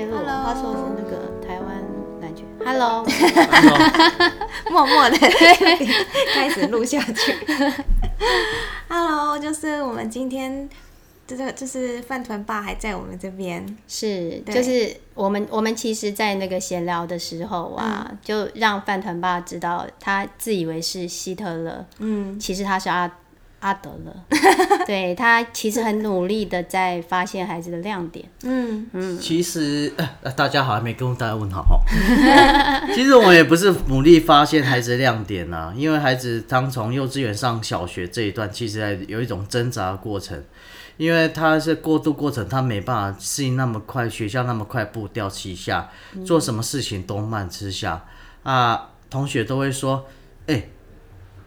Hello，他說是那個台灣男爵。Hello， 默默的開始錄下去。 Hello，就是我們今天這個就是飯團爸還在我們這邊，是，對，就是我們我們其實，在那個閒聊的時候啊，嗯、就讓飯團爸知道他自以為是希特勒，嗯，其實他是阿。阿德勒， 對他其實很努力的在發現孩子的亮點。嗯嗯，其實、呃、大家好，還沒跟大家問好 其實我也不是努力發現孩子的亮點啊，因為孩子剛從幼稚園上小學這一段，其實有一種掙扎的過程，因為他是過渡過程，他沒辦法適應那麼快，學校那麼快步調之下，做什麼事情都慢吃下，嗯、啊，同學都會說，哎、欸。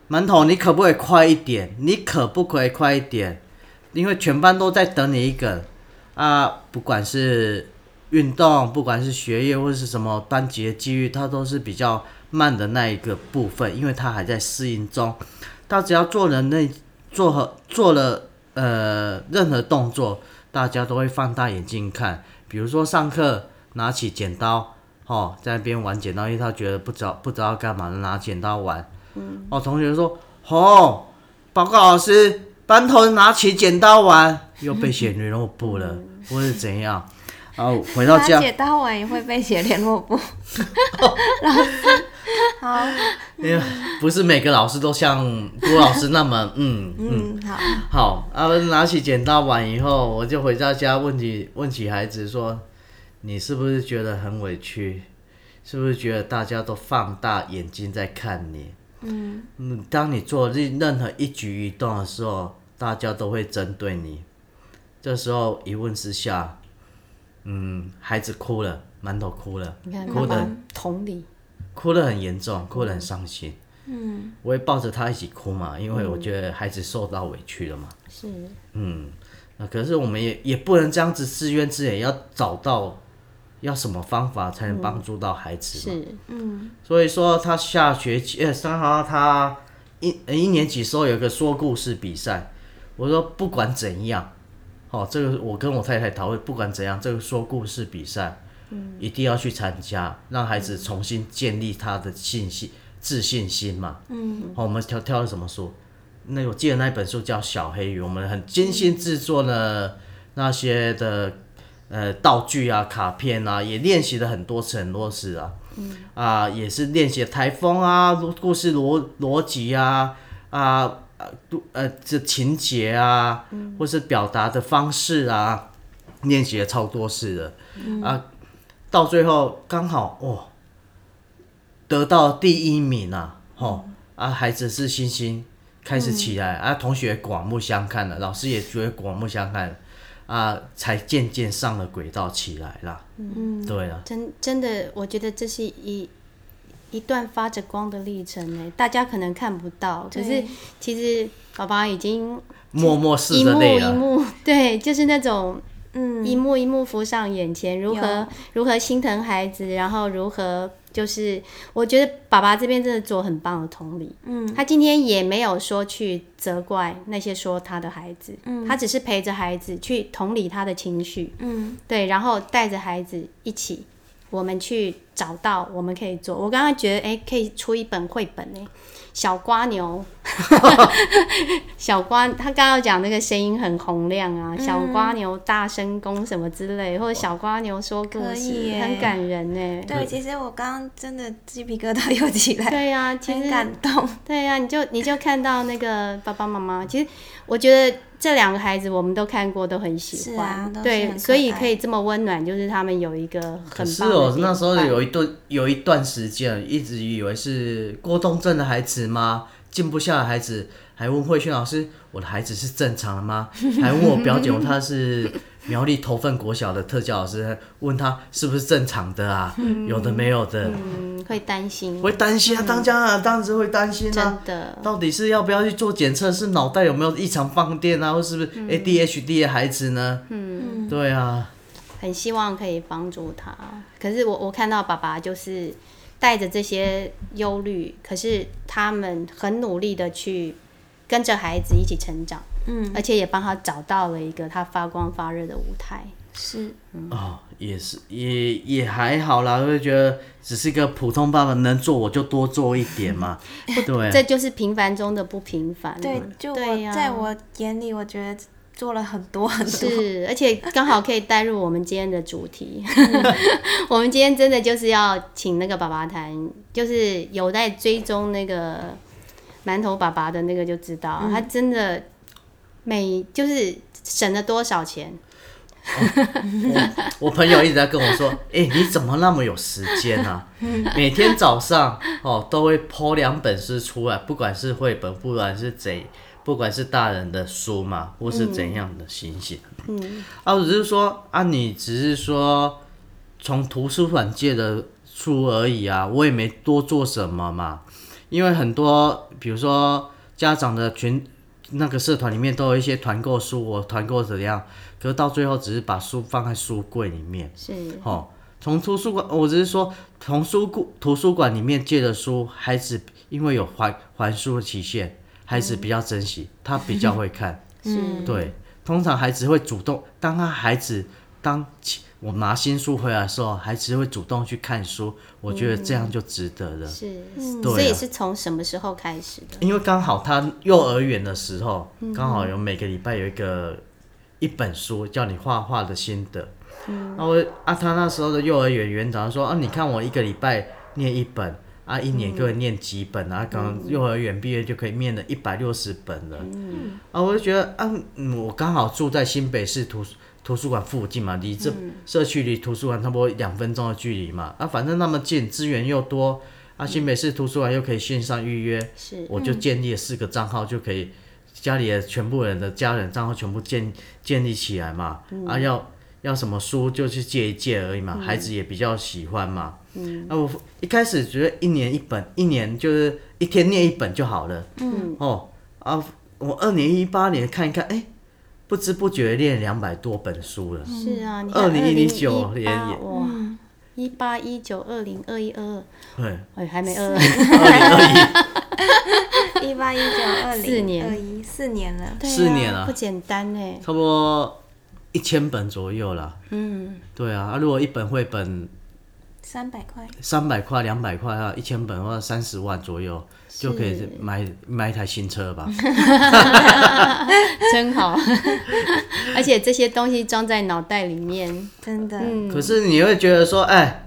饅頭，你可不可以快一點？你可不可以快一點？因為全班都在等你一個啊！不管是運動，不管是學業或是什麼班級的機遇，他都是比較慢的那一個部分，因為他還在適應中。他只要做了那做和做了呃任何動作，大家都會放大眼睛看。比如說上課拿起剪刀，哦，在那邊玩剪刀，因為他覺得不知道不知道幹嘛，拿剪刀玩。我、嗯哦、同學說：“哦，報告老師，班頭拿起剪刀玩，又被寫聯絡簿了、嗯，或是怎樣？”然後、啊、回到家，剪刀玩也會被寫聯絡簿。老 師， 好、嗯，因為不是每個老師都像郭老師那麼……嗯嗯，好、嗯、好。他們、啊、拿起剪刀玩以後，我就回到家問起問起孩子說：“你是不是覺得很委屈？是不是覺得大家都放大眼睛在看你？”嗯，當你做任任何一舉一動的時候，大家都會針對你。這時候一問之下，嗯，孩子哭了，饅頭哭了，哭的同理，哭得很嚴重，哭得很傷心。嗯，我也抱着他一起哭嘛，因為我覺得孩子受到委屈了嘛。嗯、是，嗯，那、啊、可是我們也也不能這樣子自怨自艾，要找到。要什麼方法才能幫助到孩子、嗯？是，嗯，所以說他下學期，呃，三號他一一年級時候有個說故事比賽，我說不管怎樣，好、嗯哦，這個我跟我太太討論，不管怎樣，這個說故事比賽，嗯，一定要去參加，讓孩子重新建立他的信心、自信心嘛，嗯，好、哦，我們挑挑了什麼書？那我記得那一本書叫《小黑魚》，我們很精心制作了那些的。呃，道具啊，卡片啊，也練習了很多次，很多次啊。啊、嗯呃，也是練習台風啊，故事邏邏輯啊，啊，呃，這情節啊，或是表達的方式啊，練、嗯、習了超多次的、嗯。啊，到最後剛好哦，得到了第一名啊！吼、哦嗯、啊，孩子是信心，開始起來、嗯、啊，同學刮目相看了，老師也覺得刮目相看了。啊，才漸漸上了軌道起來了，嗯、對啊，真真的，我覺得這是一一段發着光的歷程呢。大家可能看不到，可是其實寶寶已經一幕一幕默默一幕一幕，對，就是那種 嗯，一幕一幕浮上眼前，如何如何心疼孩子，然後如何。就是我覺得爸爸這邊真的做很棒的同理，嗯，他今天也沒有說去責怪那些說他的孩子，嗯，他只是陪着孩子去同理他的情緒，嗯，對，然後帶着孩子一起，我們去找到我們可以做。我剛剛覺得，欸，可以出一本繪本呢，欸。小， 小瓜牛，小瓜他剛剛講那個聲音很洪亮啊，嗯、小瓜牛大聲公什麼之類，或者小瓜牛說故事，可以很感人呢。對，其實我剛剛真的雞皮疙瘩又起來，對呀、啊，挺感動，對呀、啊，你就你就看到那個爸爸媽媽，其實。我覺得這兩個孩子我們都看過，都很喜歡。啊、對，所以可以這麼溫暖，就是他們有一個很的。可是哦，那時候有一段有一段時間，一直以為是過動症的孩子嗎？靜不下的孩子，還問慧萱老師：“我的孩子是正常的嗎？” 還問我表姐，我她是。苗栗頭份國小的特教老師問他是不是正常的啊？嗯、有的沒有的，嗯、會擔心，會擔心啊！當、嗯、家啊，當然會擔心、啊、真的，到底是要不要去做檢測？是腦袋有沒有異常放電啊？或是不是 ADHD 的孩子呢？嗯，對啊，很希望可以幫助他。可是我我看到爸爸就是帶着這些憂慮，可是他們很努力的去跟着孩子一起成長。嗯，而且也幫他找到了一個他發光發熱的舞台，是、嗯、哦，也是，也也還好啦。我就覺得，只是一個普通爸爸能做，我就多做一點嘛。 對、啊，這就是平凡中的不平凡。對，就我對、啊、在我眼裡，我覺得做了很多很多。是，而且剛好可以帶入我們今天的主題。 我們今天真的就是要請那個爸爸談，就是有在追蹤那個饅頭爸爸的那個，就知道、嗯、他真的。每就是省了多少錢？哦、我我朋友一直在跟我說：“誒、 欸，你怎麼那麼有時間啊？每天早上哦，都會 PO 兩本書出來，不管是繪本，不管是賊，不管是大人的書嘛，或是怎樣的形式。嗯”嗯，啊，我只是說啊，你只是說從圖書館借的書而已啊，我也沒多做什麼嘛，因為很多，比如說家長的群。那個社團裡面都有一些團購書，我團購怎樣？可是到最後只是把書放在書櫃裡面。是，哦，從圖書館，我只是說，從書庫圖書館裡面借的書，孩子因為有還還書的期限，孩子比較珍惜，嗯、他比較會看。 是，對，通常孩子會主動，當他孩子當。我拿新書回來的時候，孩子會主動去看書，嗯，我覺得這樣就值得了。是，嗯、對、啊。所以是從什麼時候開始的？因為剛好他幼兒園的時候，剛、嗯、好有每個禮拜有一個一本書叫你畫畫的心得。嗯。那我啊，他那時候的幼兒園園長說啊，你看我一個禮拜念一本，啊，一年就會念幾本啊，剛、嗯、幼兒園畢業就可以念了一百六十本了。嗯。啊，我就覺得啊，嗯、我剛好住在新北市圖書。圖書館附近嘛，離這社區，離圖書館差不多兩分鐘的距離嘛。嗯、啊，反正那麼近，資源又多，啊，新北市圖書館又可以線上預約，是、嗯，我就建立了四個賬號，就可以，家裡的全部人的家人賬號全部建建立起來嘛。嗯、啊要，要要什麼書就去借一借而已嘛。嗯、孩子也比較喜歡嘛。嗯。啊，我一開始覺得一年一本，一年就是一天念一本就好了。嗯。哦，啊，我二零一八年看一看，哎、欸。不知不覺練兩百多本書了。嗯、是啊，二零一九年也哇，一八一九二零二一二二，對，哎還沒二二零二一，一八一九二零四年二一四年了，四、啊、年了，不簡單呢，差不多一千本左右了。嗯，對啊，如果一本繪本。三百塊，三百塊，兩百塊啊，一千本或者三十萬左右就可以買買一台新車吧， 真好， 而且這些東西裝在腦袋裡面，真的、嗯。可是你會覺得說，哎、欸。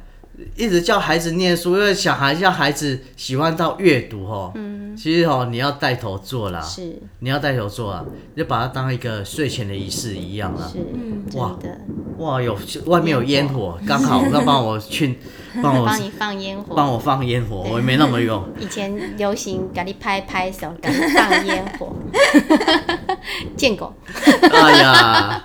一直叫孩子念書，因為小孩叫孩子喜歡到閱讀吼。嗯。其實吼，你要帶頭做了。是。你要帶頭做啊，就把它當一個睡前的儀式一樣啊。是。嗯、哇真的。哇喲，外面有煙火，剛好那幫我去，幫我。幫你放煙火。幫我放煙火，我也沒那麼用。以前流行給你拍拍手，給你放煙火。 見過。哎呀。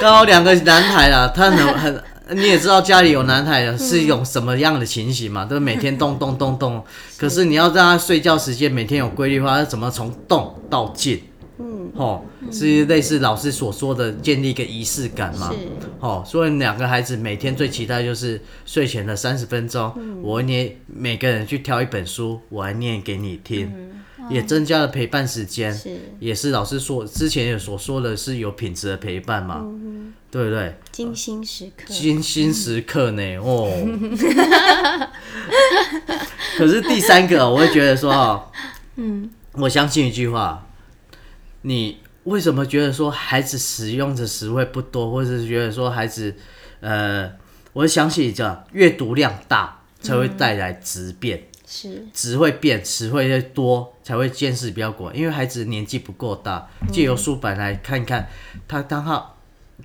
剛 好兩個男孩啦，他很很。 你也知道家裡有男孩的、嗯、是一種什麼樣的情形嘛？都、嗯、每天動動動動，可是你要讓他睡覺時間每天有規律的話，他怎麼從動到靜？嗯，哦，是類似老師所說的建立一個儀式感嘛？是，哦，所以兩個孩子每天最期待就是睡前的三十分鐘、嗯，我念每個人去挑一本書，我來念給你聽、嗯啊，也增加了陪伴時間，也是老師說之前有所說的是有品質的陪伴嘛。嗯對不對？精心時刻，呃、精心時刻呢？嗯、哦， 可是第三個，我會覺得說，嗯，我相信一句話，你為什麼覺得說孩子使用的詞彙不多，或者是覺得說孩子，呃，我相信這閱讀量大才會帶來質、嗯、變，是，詞彙變，詞彙越多才會見識比較廣，因為孩子年紀不夠大，借由書本來看一看，嗯、他剛好。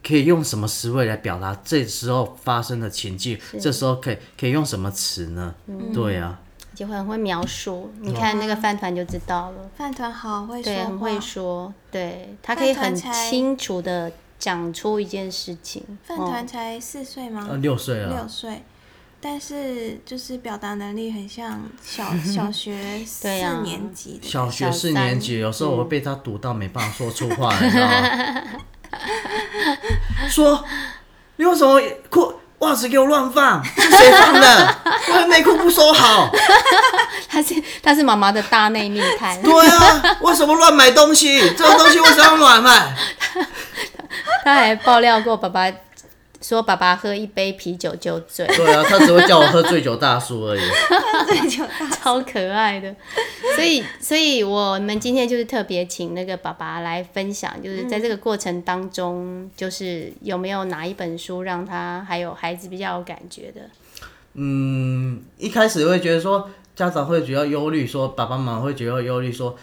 可以用什麼詞位來表達這時候發生的情境？這時候可以可以用什麼詞呢？嗯、對呀、啊，就會很會描述，嗯、你看那個飯糰就知道了。飯糰好會說，對，很會說。對，他可以很清楚的講出一件事情。飯糰才四歲嗎？哦呃、六歲了。六歲，但是就是表達能力很像小小學四年級的。 啊、小學四年級，有時候我被他堵到沒辦法說出話來、啊，你知道嗎？ 說，你為什麼褲襪子給我亂放？是誰放的？我的內褲不收好。 他是他是媽媽的大內密探。 對啊，為什麼亂買東西？這個東西為什麼亂買 他他？他還爆料過爸爸。說爸爸喝一杯啤酒就醉。對啊，他只會叫我喝醉酒大叔而已。醉 酒超可愛的。所以，所以我們今天就是特別請那個爸爸來分享，就是在這個過程當中，就是有沒有哪一本書讓他還有孩子比較有感覺的？嗯，一開始會覺得說家長會比較憂慮，說爸爸媽媽會比較憂慮，說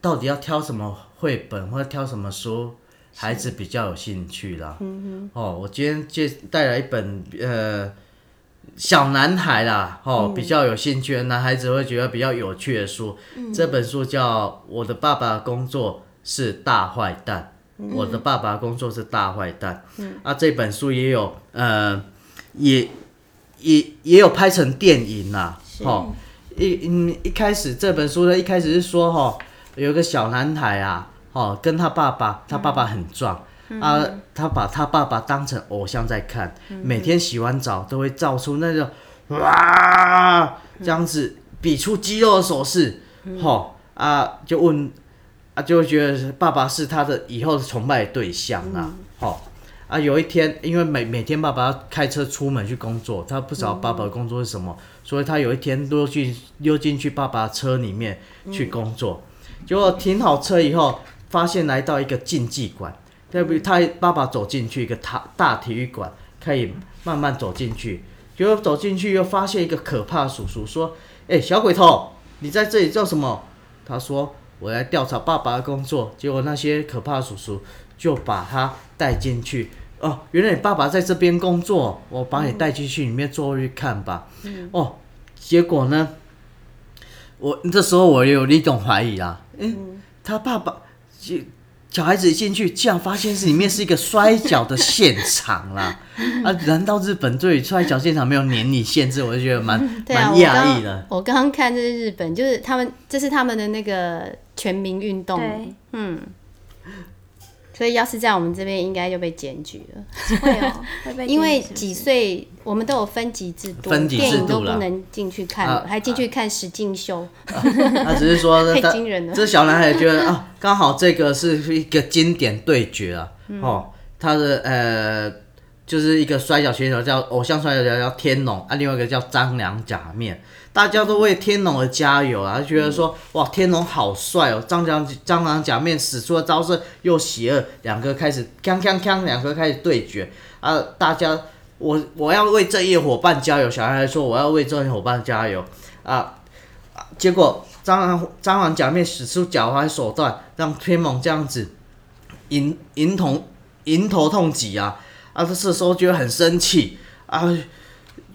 到底要挑什麼繪本或者挑什麼書？孩子比較有興趣啦，嗯、哦，我今天就帶來一本呃，小男孩啦，哦、嗯，比較有興趣的男孩子會覺得比較有趣的書。嗯、這本書叫《我的爸爸的工作是大壞蛋》嗯，我的爸爸的工作是大壞蛋。嗯，啊，這本書也有呃，也也也有拍成電影啦。哦，一嗯，一開始這本書呢，一開始是說哈，有個小男孩啊。哦，跟他爸爸，他爸爸很壯、嗯、啊、嗯，他把他爸爸當成偶像在看，嗯、每天洗完澡都會照出那種、個，哇這樣子比出肌肉的手勢，哈、嗯哦、啊就問啊，就覺得爸爸是他的以後的崇拜的對象啊、嗯哦、啊有一天，因為每每天爸爸要開車出門去工作，他不知道爸爸的工作是什麼、嗯，所以他有一天都去溜去溜進去爸爸車裡面去工作、嗯，結果停好車以後。發現來到一個競技館，特別他爸爸走進去一個大大體育館，可以慢慢走進去。結果走進去又發現一個可怕的叔叔說：“哎、欸，小鬼頭，你在這裡做什麼？”他說：“我來調查爸爸的工作。”結果那些可怕的叔叔就把他帶進去。哦，原來你爸爸在這邊工作，我把你帶進去裡面坐進去看吧、嗯。哦，結果呢？我這時候我有一種懷疑啊。嗯。嗯他爸爸。小孩子一進去，竟然發現是裡面是一個摔跤的現場啦。 啊，難道日本對摔跤現場沒有年齡限制？我就覺得蠻蠻、嗯、對啊，訝異的。我剛我剛看這是日本，就是他們，這是他們的那個全民運動。嗯。所以要是在我們這邊，應該就被檢舉了。喔、 因為幾歲我們都有分級制度，分級制度電影都不能進去看，啊，還進去看史靜修。他，啊 啊啊，只是說，太驚人了這小男孩覺得啊，剛好這個是一個經典對決啊。嗯，哦，他的呃，就是一個摔角選手，叫偶像摔角叫天龍啊，另外一個叫張良假面，大家都為天龍而加油啊！覺得說哇，天龍好帥哦！蟑螂蟑螂假面使出了招式，又邪惡，兩個開始鏘鏘鏘，兩個開始對決啊！大家，我我要為正義夥伴加油！小孩來說我要為正義夥伴加油啊，啊！結果蟑螂蟑螂假面使出狡猾手段，讓天龍這樣子迎迎頭迎頭痛擊啊！啊，他、啊、這時候覺得很生氣啊，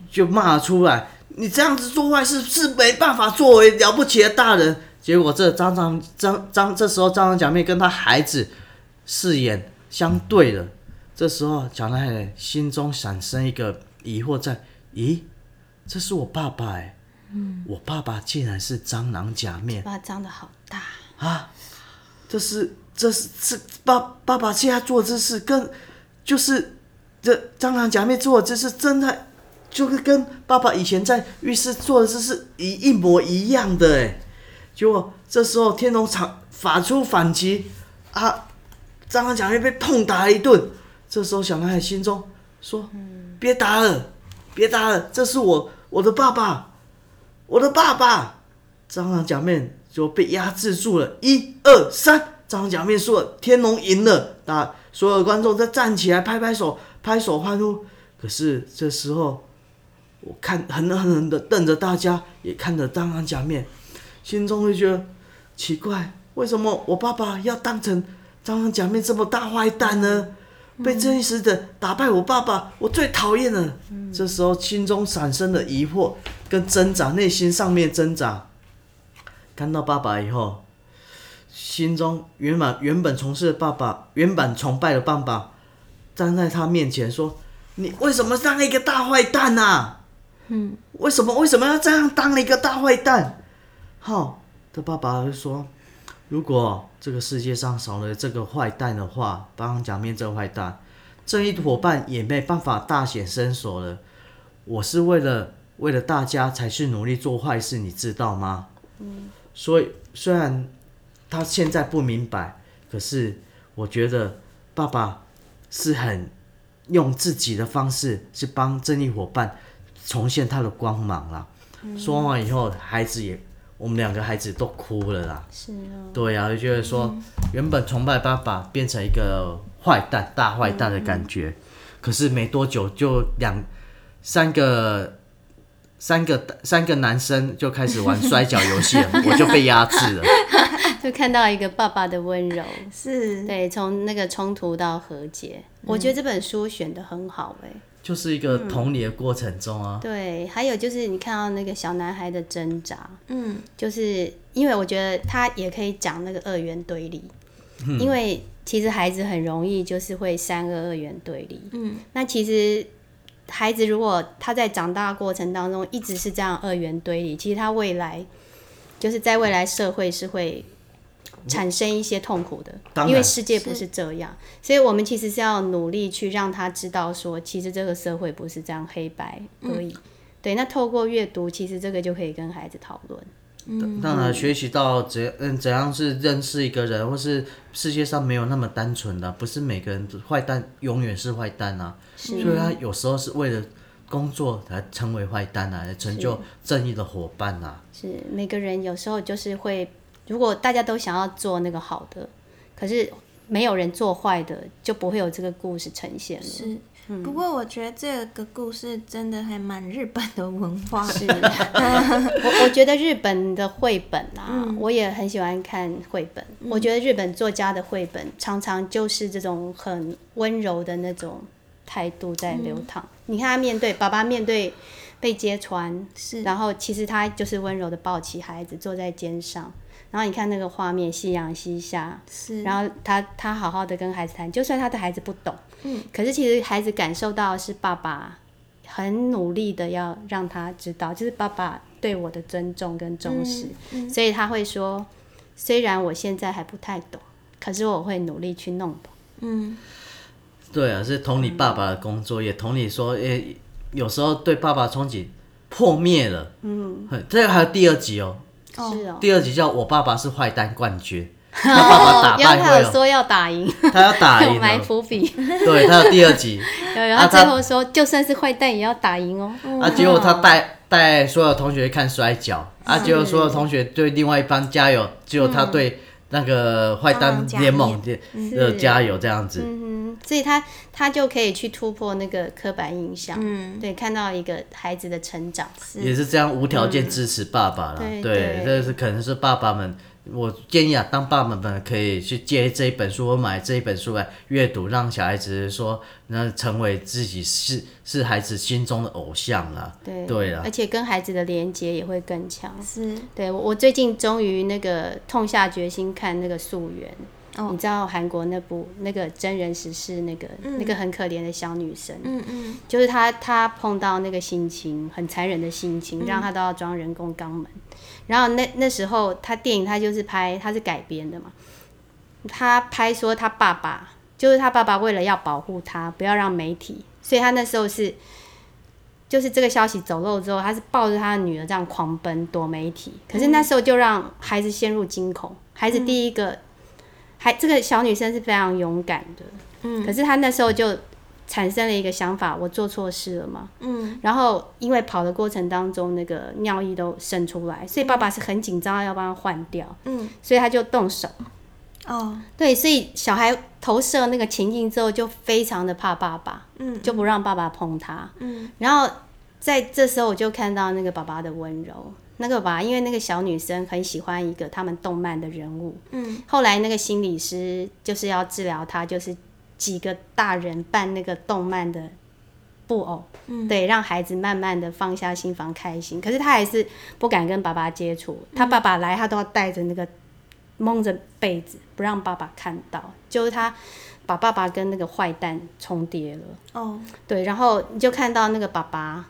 就罵出來。你這樣子做壞事是沒辦法作為了不起的大人。結果這蟑螂，這蟑、蟑、蟑，這時候蟑螂假面跟他孩子，視線相對了。嗯、這時候小男孩心中產生一個疑惑在：在咦，這是我爸爸哎，嗯，我爸爸竟然是蟑螂假面，爸爸長得好大啊！這是這是這是爸，爸爸爸，現在做這事跟就是這蟑螂假面做的這事真的。就是跟爸爸以前在浴室做的事是一一模一樣的哎！結果這時候天龍場發出反擊啊，蟑螂假面被痛打了一頓。這時候小男孩心中說：“別打了，別打了，這是我我的爸爸，我的爸爸。”蟑螂假面就被壓制住了。一二三，蟑螂假面說：“天龍贏了！”那所有觀眾都站起來拍拍手，拍手歡呼。可是這時候。我看很狠狠的瞪着大家，也看着《蟑螂假面》，心中會覺得奇怪：為什麼我爸爸要當成《蟑螂假面》這麼大壞蛋呢？被真實的打敗，我爸爸，嗯、我最討厭了、嗯。這時候心中產生了疑惑跟掙扎，內心上面掙扎。看到爸爸以後，心中原本原本從事的爸爸、原本崇拜的爸爸，站在他面前說：“你為什麼當一個大壞蛋啊？”嗯，為什麼為什麼要這樣當了一個大壞蛋？好、哦，他爸爸就說：“如果這個世界上少了這個壞蛋的話，幫剛講面這壞蛋，正義夥伴也沒辦法大顯身手了。我是為了為了大家才去努力做壞事，你知道嗎？”嗯，所以雖然他現在不明白，可是我覺得爸爸是很用自己的方式去幫正義夥伴。重現他的光芒啦！說完以後，孩子也，我們兩個孩子都哭了啦。是啊、哦。對啊，就覺得說，原本崇拜爸爸變成一個壞蛋、大壞蛋的感覺、嗯，可是沒多久就兩三個三個三個男生就開始玩摔角遊戲， 我就被壓制了。就看到一個爸爸的溫柔，是對從那個衝突到和解、嗯，我覺得這本書選得很好哎、欸。就是一個同理的過程中啊、嗯，對，還有就是你看到那個小男孩的掙扎，嗯，就是因為我覺得他也可以講那個二元對立、嗯，因為其實孩子很容易就是會三個二元對立，嗯，那其實孩子如果他在長大過程當中一直是這樣二元對立，其實他未來就是在未來社會是會。產生一些痛苦的，因為世界不是這樣是，所以我們其實是要努力去讓他知道，說其實這個社會不是這樣黑白而已。嗯、對，那透過閱讀，其實這個就可以跟孩子討論、嗯嗯，當然學習到怎，嗯怎樣是認識一個人，或是世界上沒有那麼單純的，不是每個人壞蛋永遠是壞蛋啊，是，所以他有時候是為了工作才成為壞蛋啊，成就正義的夥伴啊，是，是，是每個人有時候就是會。如果大家都想要做那個好的，可是沒有人做壞的，就不會有這個故事呈現了。是，嗯、不過我覺得這個故事真的還蠻日本的文化的。是， 我我覺得日本的繪本啊、嗯，我也很喜歡看繪本、嗯。我覺得日本作家的繪本常常就是這種很溫柔的那種態度在流淌，嗯。你看他面對爸爸面對被揭穿，是，然後其實他就是溫柔的抱起孩子坐在肩上。然後你看那個畫面，夕陽西下。是。然後他他好好的跟孩子談，就算他的孩子不懂，嗯，可是其實孩子感受到是爸爸很努力的要讓他知道，就是爸爸對我的尊重跟重視、嗯嗯，所以他會說，雖然我現在還不太懂，可是我會努力去弄。嗯。對啊，是同你爸爸的工作，嗯、也同你說，哎、欸，有時候對爸爸的憧憬破滅了。嗯。這個還有第二集哦。是哦，第二集叫我爸爸是壞蛋冠軍，oh, 他爸爸打敗了。然 後他有說要打贏， 他要打贏 埋伏筆， 對他有第二集。然 後、啊、最後說 就算是壞蛋也要打贏哦 啊。啊，結、啊、果、啊、他帶帶 所有同學看摔跤， 啊，結果所有同學對另外一方加油，結 果他對。那個壞蛋聯盟夢、嗯，就加油這樣子，嗯、所以他他就可以去突破那個刻板印象，嗯，對，看到一個孩子的成長，是也是這樣無條件支持爸爸了、嗯，對，這是可能是爸爸們。我建議啊，當爸爸們可以去借這一本書，我買這一本書來閱讀，讓小孩子說，那成為自己是是孩子心中的偶像啦。對對了，而且跟孩子的連接也會更強。是對我，我最近終於那個痛下決心看那個素媛。你知道韓國那部那個真人實事那個、嗯、那個很可憐的小女生，嗯嗯，就是她她碰到那個心情很殘忍的心情，讓她都要裝人工肛門。嗯、然後那那時候她電影她就是拍她是改編的嘛，她拍說她爸爸就是她爸爸為了要保護她，不要讓媒體，所以她那時候是就是這個消息走漏之後，她是抱着她的女兒這樣狂奔躲媒體。可是那時候就讓孩子陷入驚恐、嗯，孩子第一個。嗯還這個小女生是非常勇敢的，嗯，可是她那時候就產生了一個想法，我做錯事了嘛。嗯，然後因為跑的過程當中那個尿意都滲出來，所以爸爸是很緊張要幫他換掉，嗯，所以他就動手，哦，對，所以小孩投射那個情境之後就非常的怕爸爸，嗯，就不讓爸爸碰他，嗯，然後在這時候我就看到那個爸爸的溫柔。那個吧，因為那個小女生很喜歡一個他們動漫的人物。嗯，後來那個心理師就是要治療她，就是幾個大人扮那個動漫的布偶，嗯，對，讓孩子慢慢的放下心房，開心。可是她還是不敢跟爸爸接觸，她爸爸來，她都要帶着那個蒙着被子，不讓爸爸看到。就是她把爸爸跟那個壞蛋重疊了。哦，對，然後你就看到那個爸爸。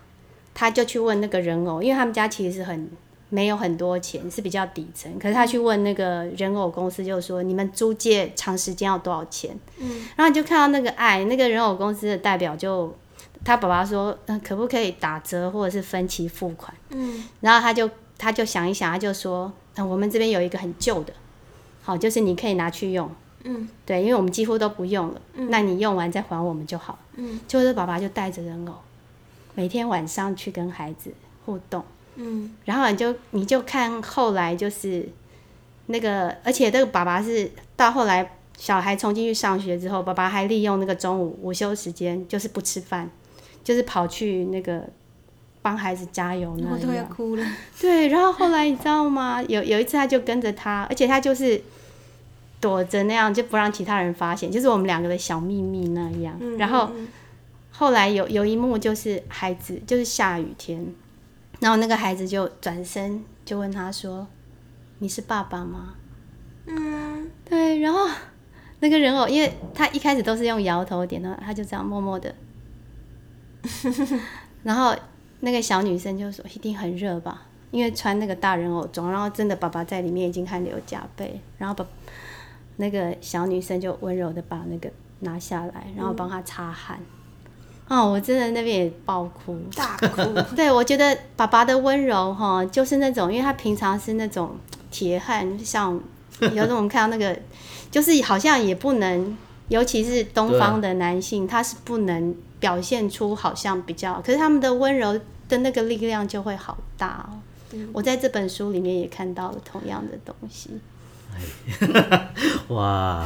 他就去問那個人偶，因為他們家其實很沒有很多錢，是比較底層。可是他去問那個人偶公司就是，就說你們租借長時間要多少錢？嗯，然後你就看到那個愛那個人偶公司的代表就，就他爸爸說，嗯，可不可以打折或者是分期付款？嗯，然後他就他就想一想，他就說，嗯，我們這邊有一個很舊的，好，就是你可以拿去用。嗯，對，因為我們幾乎都不用了，嗯，那你用完再還我們就好。嗯，就是爸爸就帶着人偶。每天晚上去跟孩子互動，嗯，然後你就你就看後來就是那個，而且那個爸爸是到後來小孩重新去上學之後，爸爸還利用那個中午午休時間，就是不吃飯，就是跑去那個幫孩子加油那樣。我都要哭了。對，然後後來你知道嗎？有有一次他就跟着他，而且他就是躲着那樣，就不讓其他人發現，就是我們兩個的小秘密那樣，嗯嗯嗯。然後。後來有有一幕就是孩子就是下雨天，然後那個孩子就轉身就問他說：“你是爸爸嗎？”嗯，對。然後那個人偶，因為他一開始都是用搖頭點頭，他就這樣默默的。 然後那個小女生就說：“一定很熱吧？因為穿那個大人偶裝。”然後真的爸爸在裡面已經汗流浹背，然後把那個小女生就溫柔的把那個拿下來，然後幫他擦汗。嗯哦，我真的那邊也爆哭，大哭。 對，我覺得爸爸的溫柔哈、哦，就是那種，因為他平常是那種鐵漢，像有時候我們看到那個， 就是好像也不能，尤其是東方的男性、啊，他是不能表現出好像比較，可是他們的溫柔的那個力量就會好大哦、嗯。我在這本書裡面也看到了同樣的東西。 哇，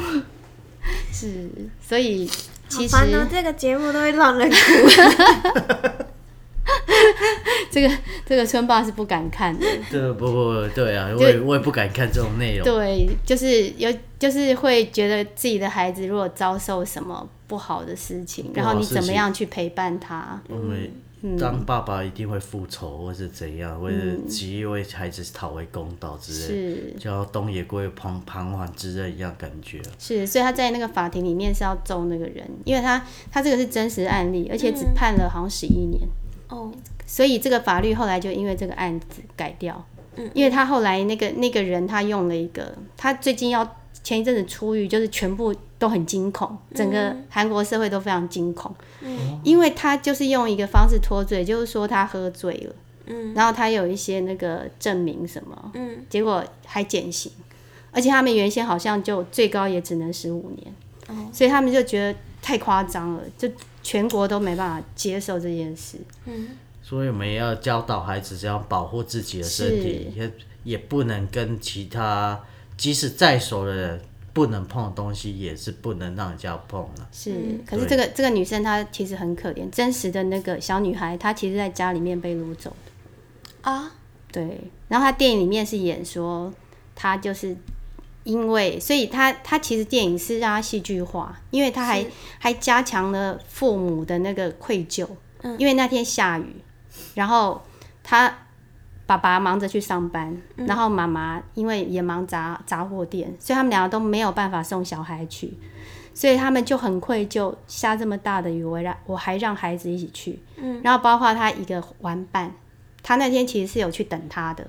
是，所以。喔、其實這個節目都會讓人哭。 這個這個村霸是不敢看的。對，不不不，對啊，我也我也不敢看這種內容。對，就是有就是會覺得自己的孩子如果遭受什麼不好的事情，事情然後你怎麼樣去陪伴他？嗯。嗯、當爸爸一定會復仇，或是怎樣，嗯、或是執為孩子討回公道之類，叫東野圭吾彷彷徨徨之刃，一樣感覺。是，所以他在那個法庭裡面是要揍那個人，因為他他這個是真實案例，而且只判了好像十一年，嗯。所以這個法律後來就因為這個案子改掉，嗯，因為他後來那個那個人他用了一個，他最近要前一陣子出獄，就是全部。都很驚恐，整個韓國社會都非常驚恐，嗯，因為他就是用一個方式脫罪，就是說他喝醉了，嗯，然後他有一些那個證明什麼，嗯，結果還減刑，而且他們原先好像就最高也只能十五年，哦，所以他們就覺得太誇張了，就全國都沒辦法接受這件事，嗯，所以我們也要教導孩子這樣保護自己的身體，也不能跟其他即使再熟的人。不能碰的東西也是不能讓人家碰的。是，可是這個這個女生她其實很可憐，真實的那個小女孩她其實在家裡面被擄走的。啊，對。然後她電影裡面是演說，她就是因為，所以她她其實電影是讓她戲劇化，因為她還還加強了父母的那個愧疚，嗯，因為那天下雨，然後她。爸爸忙着去上班，嗯，然後媽媽因為也忙雜雜貨店，所以他們兩個都沒有辦法送小孩去，所以他們就很愧疚，下這麼大的雨，我讓我還讓孩子一起去，嗯，然後包括他一個玩伴，他那天其實是有去等他的。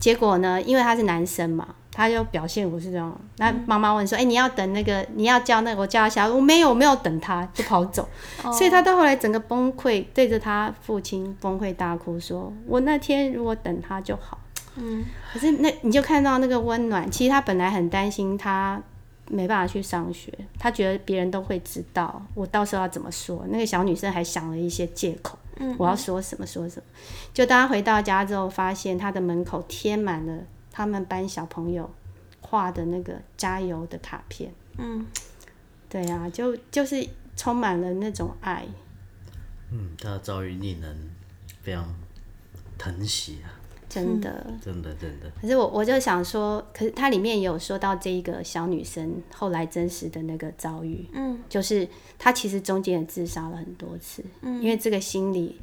結果呢？因為他是男生嘛，他就表現不是這樣。那媽媽問說：“哎、嗯，欸，你要等那個？你要叫那個？我叫他下。”我沒有，我沒有等他，就跑走、哦。所以他到後來整個崩潰，對着他父親崩潰大哭說，說、嗯：“我那天如果等他就好。”嗯。可是那你就看到那個溫暖。其實他本來很擔心，他沒辦法去上學，他覺得別人都會知道，我到時候要怎麼說。那個小女生還想了一些借口。嗯，我要說什麼，說什麼，就當他回到家之後，發現他的門口貼滿了他們班小朋友畫的那個加油的卡片。嗯，對啊，就就是充滿了那種愛。嗯，他的遭遇令人非常疼惜啊。真的，嗯、真的，真的。可是我，我就想說，可是他裡面有說到這一個小女生後來真實的那個遭遇，嗯，就是她其實中間也自殺了很多次，嗯，因為這個心理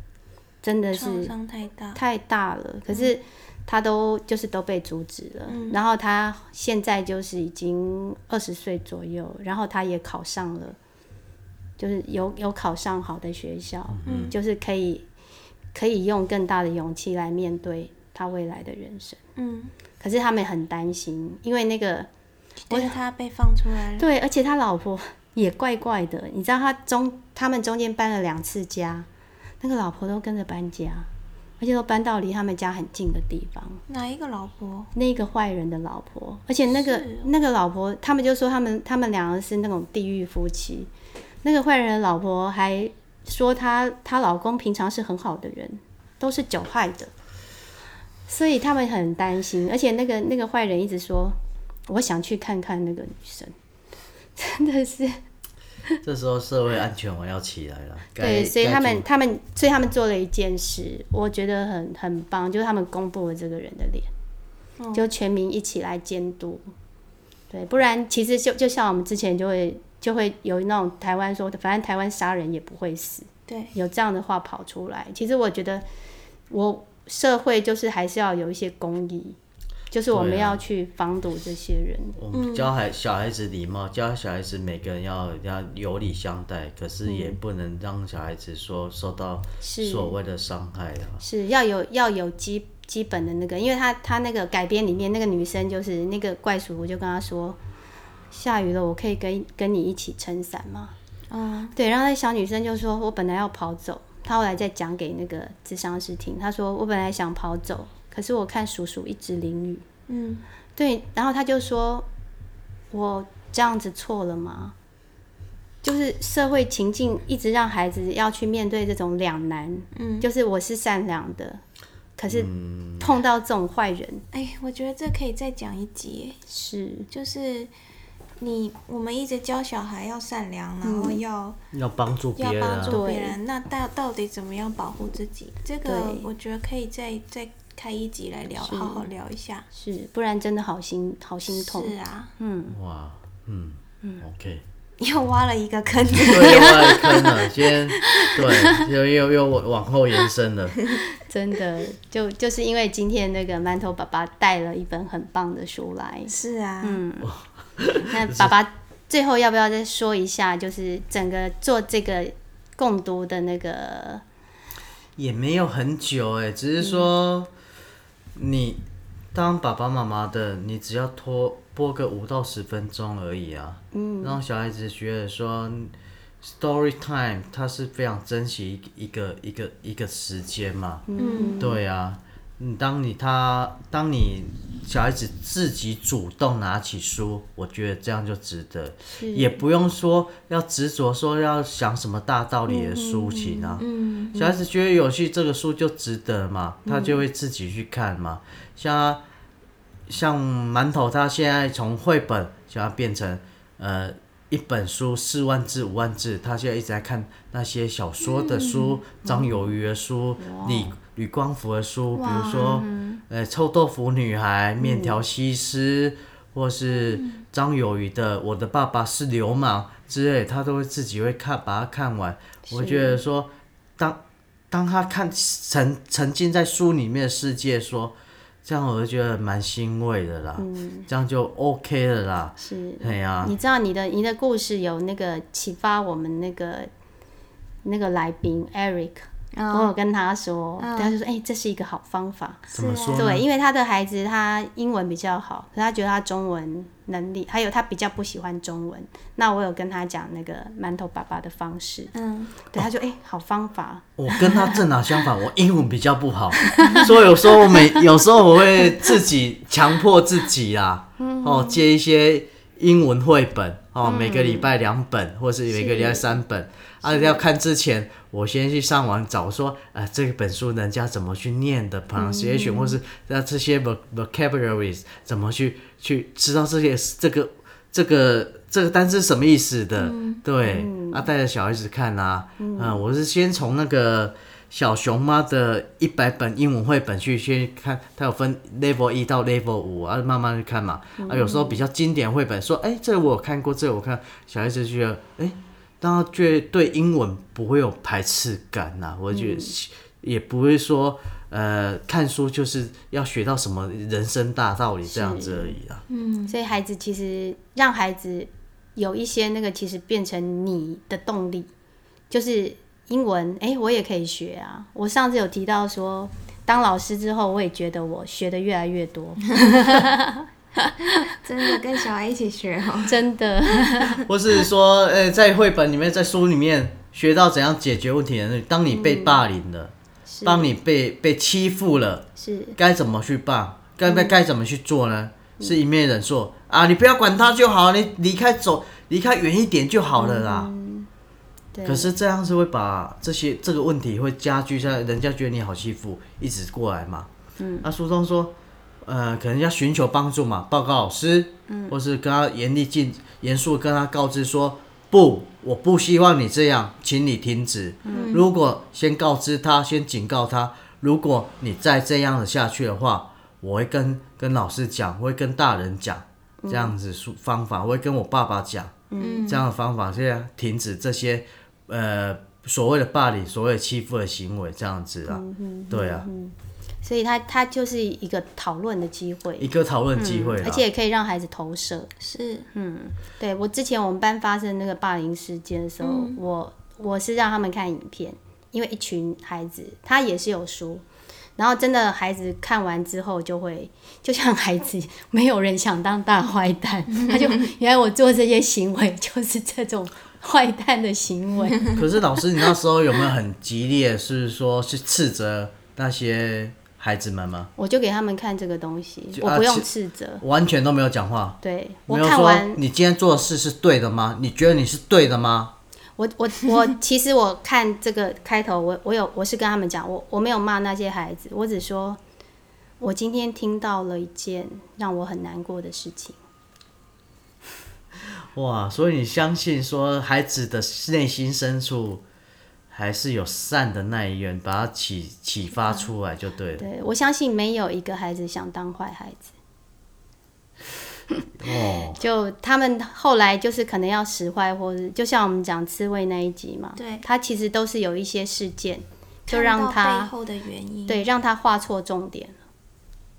真的是傷太大，太大了。可是她都就是都被阻止了。嗯、然後她現在就是已經二十歲左右，然後她也考上了，就是有有考上好的學校，嗯，就是可以可以用更大的勇氣來面對他未來的人生，嗯，可是他們很擔心，因為那個，不是他被放出來了，對，而且他老婆也怪怪的，你知道他中他們中間搬了兩次家，那個老婆都跟着搬家，而且都搬到離他們家很近的地方。哪一個老婆？那個壞人的老婆，而且那個、哦、那個老婆，他們就說他們他們兩個是那種地獄夫妻，那個壞人的老婆還說他他老公平常是很好的人，都是酒害的。所以他們很擔心，而且那個那個壞人一直說：“我想去看看那個女生。”真的是，這時候社會安全網要起來了。 對，所以他們他們所以他們做了一件事，我覺得很很棒，就是他們公布了這個人的臉、哦，就全民一起來監督。對，不然其實就就像我們之前就會就會有那種台灣說的，反正台灣殺人也不會死，對，有這樣的話跑出來。其實我覺得我。社會就是還是要有一些公益，就是我們要去防堵這些人。教孩、啊嗯、小孩子禮貌，教小孩子每個人要要有禮相待，可是也不能讓小孩子說、嗯、受到所謂的傷害啊。是，是要有要有基基本的那個，因為他他那個改編裡面那個女生就是那個怪叔叔就跟他說，下雨了，我可以跟跟你一起撐傘嗎？啊、嗯，對，然後那小女生就說，我本來要跑走。他後來再講給那個諮商師聽，他說：“我本來想跑走，可是我看叔叔一直淋雨，嗯，對，然後他就說，我這樣子錯了嗎？就是社會情境一直讓孩子要去面對這種兩難，嗯，就是我是善良的，可是碰到這種壞人、嗯，哎，我覺得這可以再講一集，是，就是。”你我們一直教小孩要善良，然後要、嗯、要幫助別人、啊、要幫助別人。那到到底怎麼樣保護自己？這個我覺得可以再再開一集來聊，好好聊一下。是，不然真的好心好心痛。是啊，嗯，哇，嗯嗯，OK。又挖了一個坑，又挖了坑了 先，對，又又又往後延伸了。 真的，就就是因為今天那個饅頭爸爸帶了一本很棒的書來。是啊，嗯。哇 那爸爸最後要不要再說一下？就是整個做這個共讀的那個，也沒有很久誒。只是說你當爸爸媽媽的，你只要拖播個五到十分鐘而已啊。嗯，讓小孩子覺得說，story time 它是非常珍惜一個一個一個一個時間嘛。嗯，對啊。你、嗯、當你他當你小孩子自己主動拿起書，我覺得這樣就值得，也不用說要執着說要想什麼大道理的書籍啊、嗯嗯嗯嗯。小孩子覺得有趣，這個書就值得嘛，他就會自己去看嘛。嗯、像像饅頭，他現在從繪本想要變成呃一本書四萬字五萬字，他現在一直在看那些小說的書，張友漁的書，嗯嗯、你。呂光福的書，比如說，呃、嗯欸，臭豆腐女孩、麵條西施，嗯、或是張友魚的、嗯《我的爸爸是流氓》之類，他都會自己會看，把它看完。我覺得說，當當他看沉沉浸在書裡面的世界說，說這樣我就覺得蠻欣慰的啦，嗯、這樣就 OK 的啦。是，哎呀、啊，你知道你的你的故事有那個啟發我們那個那個來賓 Eric。Oh, 我有跟他說，oh. 對他就說：“哎、欸，這是一個好方法。”怎麼說？對，因為他的孩子他英文比較好，可他覺得他中文能力，還有他比較不喜歡中文。那我有跟他講那個饅頭爸爸的方式，嗯，對，他說：“哎、oh, 欸，好方法。”我跟他正好相反，我英文比較不好， 所以有時候我每有時候我會自己強迫自己啦、啊， 哦，接一些英文繪本，哦，嗯、每個禮拜兩本，或是每個禮拜三本。啊，要看之前，我先去上網找說，啊、呃、這本書人家怎麼去念的 pronunciation，、嗯、或是那這些 vocabulary 怎麼去去知道這些這個這個這個單字是什麼意思的，嗯、對，嗯、啊，帶着小孩子看啊，嗯，呃、我是先從那個小熊媽的一百本英文繪本去先去看，它有分 level 一到 level 五啊，慢慢去看嘛，嗯、啊，有時候比較經典繪本說，哎、欸，這我有看過，這我看小孩子覺得，哎、欸。但絕對英文不會有排斥感啊，我覺得也不會說、嗯，呃，看書就是要學到什麼人生大道理這樣子而已啊。嗯，所以孩子其實讓孩子有一些那個，其實變成你的動力，就是英文，誒、欸，我也可以學啊。我上次有提到說，當老師之後，我也覺得我學的越來越多。 真的跟小孩一起學、哦、 真的。不 是說，呃、欸，在繪本裡面，在書裡面學到怎樣解決問題的。當你被霸凌了，嗯、當你被被欺負了，是該怎麼去辦？該該該怎麼去做呢？嗯、是一面忍受啊，你不要管他就好，你離開走，離開遠一點就好了啦、嗯。可是這樣是會把這些這個問題會加劇下來，人家覺得你好欺負，一直過來嘛。嗯，那書中說。呃，可能要尋求幫助嘛，報告老師，嗯，或是跟他嚴厲進嚴肅跟他告知說，不，我不希望你這樣，請你停止、嗯。如果先告知他，先警告他，如果你再這樣子下去的話，我會跟跟老師講，我會跟大人講、嗯，這樣子方法，我會跟我爸爸講，嗯，這樣的方法，這樣停止這些呃所謂的霸凌、所謂的欺負的行為，這樣子啊、嗯嗯，對啊。嗯嗯嗯。所以他他就是一個討論的機會，一個討論機會、嗯，而且也可以讓孩子投射。啊、是，嗯，對，我之前我們班發生那個霸凌事件的時候，嗯、我我是讓他們看影片，因為一群孩子他也是有書，然後真的孩子看完之後就會，就像孩子沒有人想當大壞蛋， 他就原來我做這些行為就是這種壞蛋的行為。可是老師，你那時候有沒有很激烈，是說是斥責那些？孩子們嗎？我就給他們看這個東西，啊、我不用斥責，完全都沒有講話。對，我看完，說你今天做的事是對的嗎？你覺得你是對的嗎？我我我，其實我看這個開頭，我我有我是跟他們講，我我沒有罵那些孩子，我只說我今天聽到了一件讓我很難過的事情。哇，所以你相信說孩子的內心深處。還是有善的那一面，把它啟啟發出來就對了，嗯對。我相信沒有一個孩子想當壞孩子 哦。就他們後來就是可能要使壞，或是就像我們講刺蝟那一集嘛。對。他其實都是有一些事件，就讓他背後的原因。對，讓他畫錯重點了。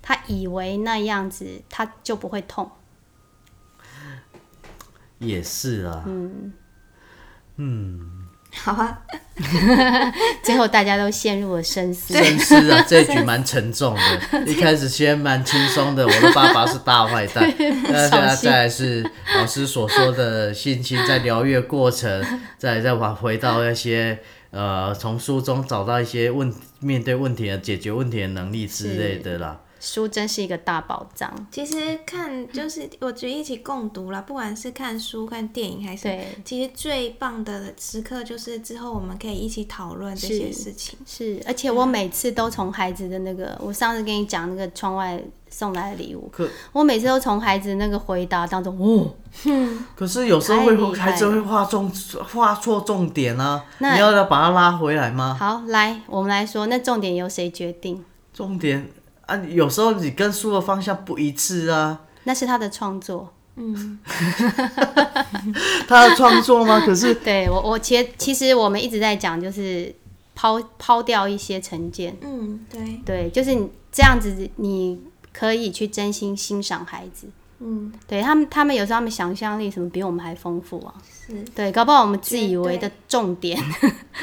他以為那樣子他就不會痛，嗯。也是啊。嗯。嗯好啊， 最後大家都陷入了深思。深思啊，這一局蠻沉重的。一開始先蠻輕鬆的，我的爸爸是大壞蛋。那現在再來是老師所說的心情在療癒的過程，再來再往回到那些呃，從書中找到一些問、面對問題啊、解決問題的能力之類的啦。書真是一個大寶藏。其實看就是，我覺得一起共讀啦、嗯，不管是看書、看電影還是，對，其實最棒的時刻就是之後我們可以一起討論這些事情是。是，而且我每次都從孩子的那個，嗯、我上次跟你講那個窗外送來的禮物，可我每次都從孩子那個回答當中，哦，哼。可是有時候會不會孩子會畫重畫錯重點呢、啊，那你要要把它拉回來嗎？好，來，我們來說，那重點由誰決定？重點。啊，有時候你跟書的方向不一致啊。那是他的創作， 嗯， 他的創作嗎？可是 對我，我其實其實我們一直在講，就是拋拋掉一些成見，嗯，對對，就是這樣子，你可以去真心欣賞孩子。嗯，對他們，他們有時候他們想象力什麼比我們還豐富啊。是對，搞不好我們自以為的重點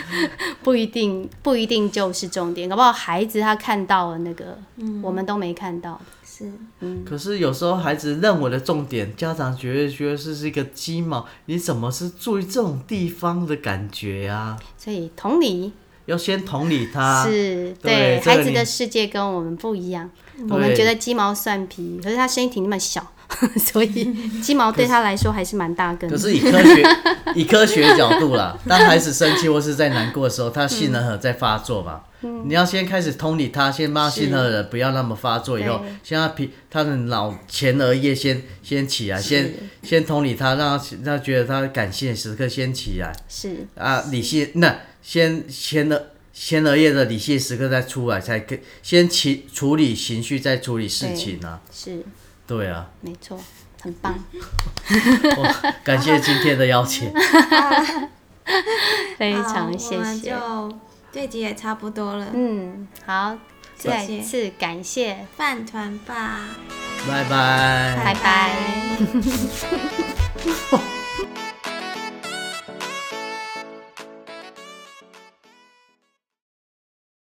不一定不一定就是重點，搞不好孩子他看到了那個，嗯、我們都沒看到的。是，嗯。可是有時候孩子認為的重點，家長覺得覺得是是一個雞毛，你怎麼是注意這種地方的感覺啊？所以同理，要先同理他。是，對，這個、孩子的世界跟我們不一樣，嗯、我們覺得雞毛蒜皮，可是他聲音挺那麼小。 所以雞毛對他來說還是蠻大根的可。可是以科學 以科學角度啦，當孩子生氣或是在難過的時候， 他杏仁核在發作嘛。嗯，你要先開始同理他，先幫杏仁核不要那麼發作，以後先讓皮他的腦前額葉先先起來，先先同理他，讓他讓他覺得他感性時刻先起來。是啊，理性那先前額前額葉的理性的時刻再出來才可先起處理情緒再處理事情啊。是。對啊，沒錯，很棒、嗯。 感謝今天的邀請，啊、非常謝謝。就這集也差不多了，嗯，好，再次感謝飯團爸。拜拜，拜拜。 哦